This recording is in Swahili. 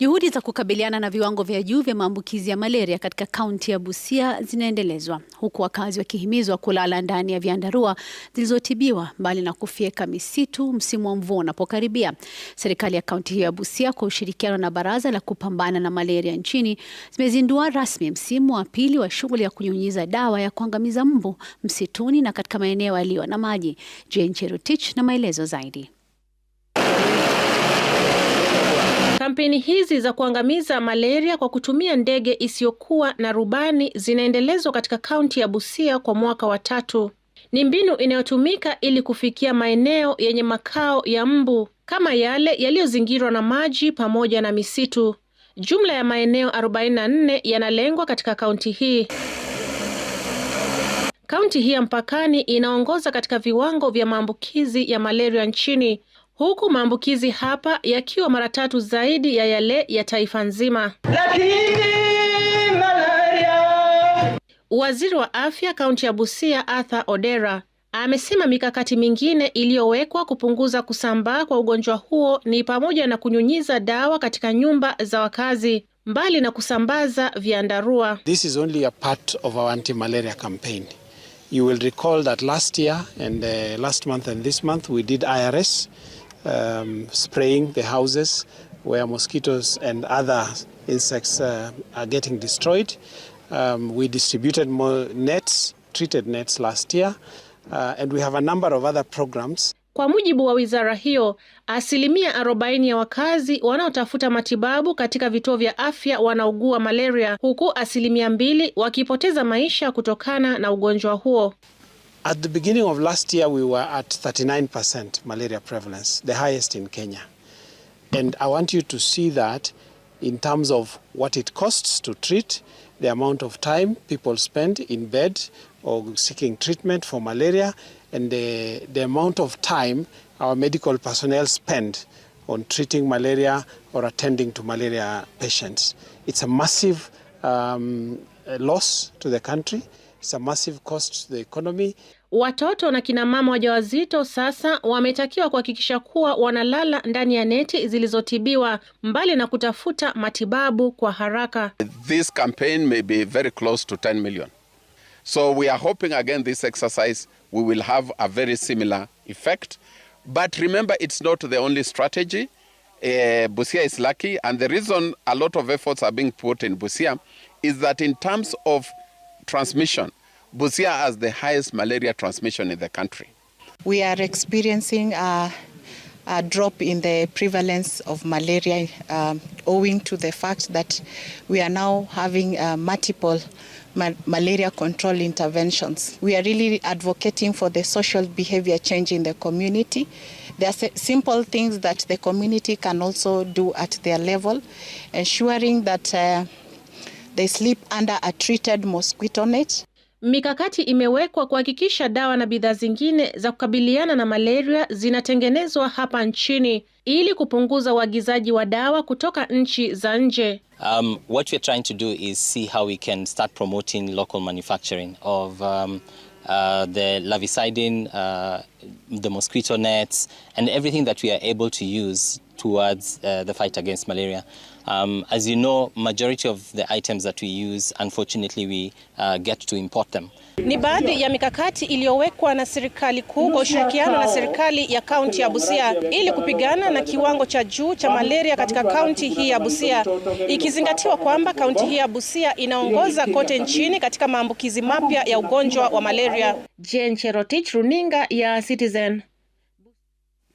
Juhudi za kukabiliana na viwango vya juu vya maambukizi ya malaria katika kaunti ya Busia zinaendelezwa huku wakazi wakihimizwa kulala ndani ya vyandarua zilizotibiwa mbali na kufyeka misitu msimu wa mvua unapokaribia. Serikali ya kaunti hiyo ya Busia kwa ushirikiano na Baraza la Kupambana na Malaria nchini zimezindua rasmi msimu wa pili wa shughuli ya kunyunyiza dawa ya kuangamiza mbu msituni na katika maeneo yaliyo na maji. Jane Cherotich na maelezo zaidi. Kampeni hizi za kuangamiza malaria kwa kutumia ndege isiyokuwa na rubani zinaendelezwa katika kaunti ya Busia kwa mwaka wa tatu. Ni mbinu inayotumika ili kufikia maeneo yenye makao ya mbu kama yale yaliyozingirwa na maji pamoja na misitu. Jumla ya maeneo 44 yanalengwa katika kaunti hii. Kaunti hii ya mpakani inaongoza katika viwango vya maambukizi ya malaria nchini huku maambukizi hapa yakiwa mara tatu zaidi ya yale ya taifa nzima. Waziri wa afya kaunti ya Busia Arthur Odera amesema mikakati mingine iliyowekwa kupunguza kusambaa kwa ugonjwa huo ni pamoja na kunyunyiza dawa katika nyumba za wakazi mbali na kusambaza viandarua. This is only a part of our anti-malaria campaign. You will recall that last year and uh, last month and this month we did IRS um, spraying the houses where mosquitoes and other insects uh, are getting destroyed. Um, we distributed more nets, treated nets last year, uh, and we have a number of other programs. Kwa mujibu wa wizara hiyo, asilimia arobaini ya wakazi wanaotafuta matibabu katika vituo vya afya wanaugua malaria huku asilimia mbili wakipoteza maisha kutokana na ugonjwa huo. At the beginning of last year, we were at 39% malaria prevalence, the highest in Kenya. And I want you to see that in terms of what it costs to treat, the amount of time people spend in bed or seeking treatment for malaria, and the, the amount of time our medical personnel spend on treating malaria or attending to malaria patients. It's a massive um, loss to the country. It's a massive cost to the economy. Watoto na kina mama wajawazito sasa wametakiwa kuhakikisha kuwa wanalala ndani ya neti zilizotibiwa mbali na kutafuta matibabu kwa haraka. This campaign may be very close to 10 million. So we are hoping again this exercise we will have a very similar effect. But remember it's not the only strategy. Uh, Busia is lucky and the reason a lot of efforts are being put in Busia is that in terms of transmission, Busia has the highest malaria transmission in the country. We are experiencing a, a drop in the prevalence of malaria um, owing to the fact that we are now having uh, multiple ma malaria control interventions. We are really advocating for the social behavior change in the community. There are simple things that the community can also do at their level, ensuring that uh, They sleep under a treated mosquito net. Mikakati imewekwa kuhakikisha dawa na bidhaa zingine za kukabiliana na malaria zinatengenezwa hapa nchini ili kupunguza uagizaji wa dawa kutoka nchi za nje. Um, what we're trying to do is see how we can start promoting local manufacturing of um, uh, the larvicidin, uh, the mosquito nets and everything that we are able to use towards uh, the fight against malaria. Um, as you know, majority of the items that we use, unfortunately, we uh, get to import them. Ni baadhi ya mikakati iliyowekwa na serikali kuu kwa ushirikiano na serikali ya kaunti ya Busia ili kupigana na kiwango cha juu cha malaria katika kaunti hii ya Busia, ikizingatiwa kwamba kaunti hii ya Busia inaongoza kote nchini katika maambukizi mapya ya ugonjwa wa malaria. Jane Cherotich, runinga ya Citizen.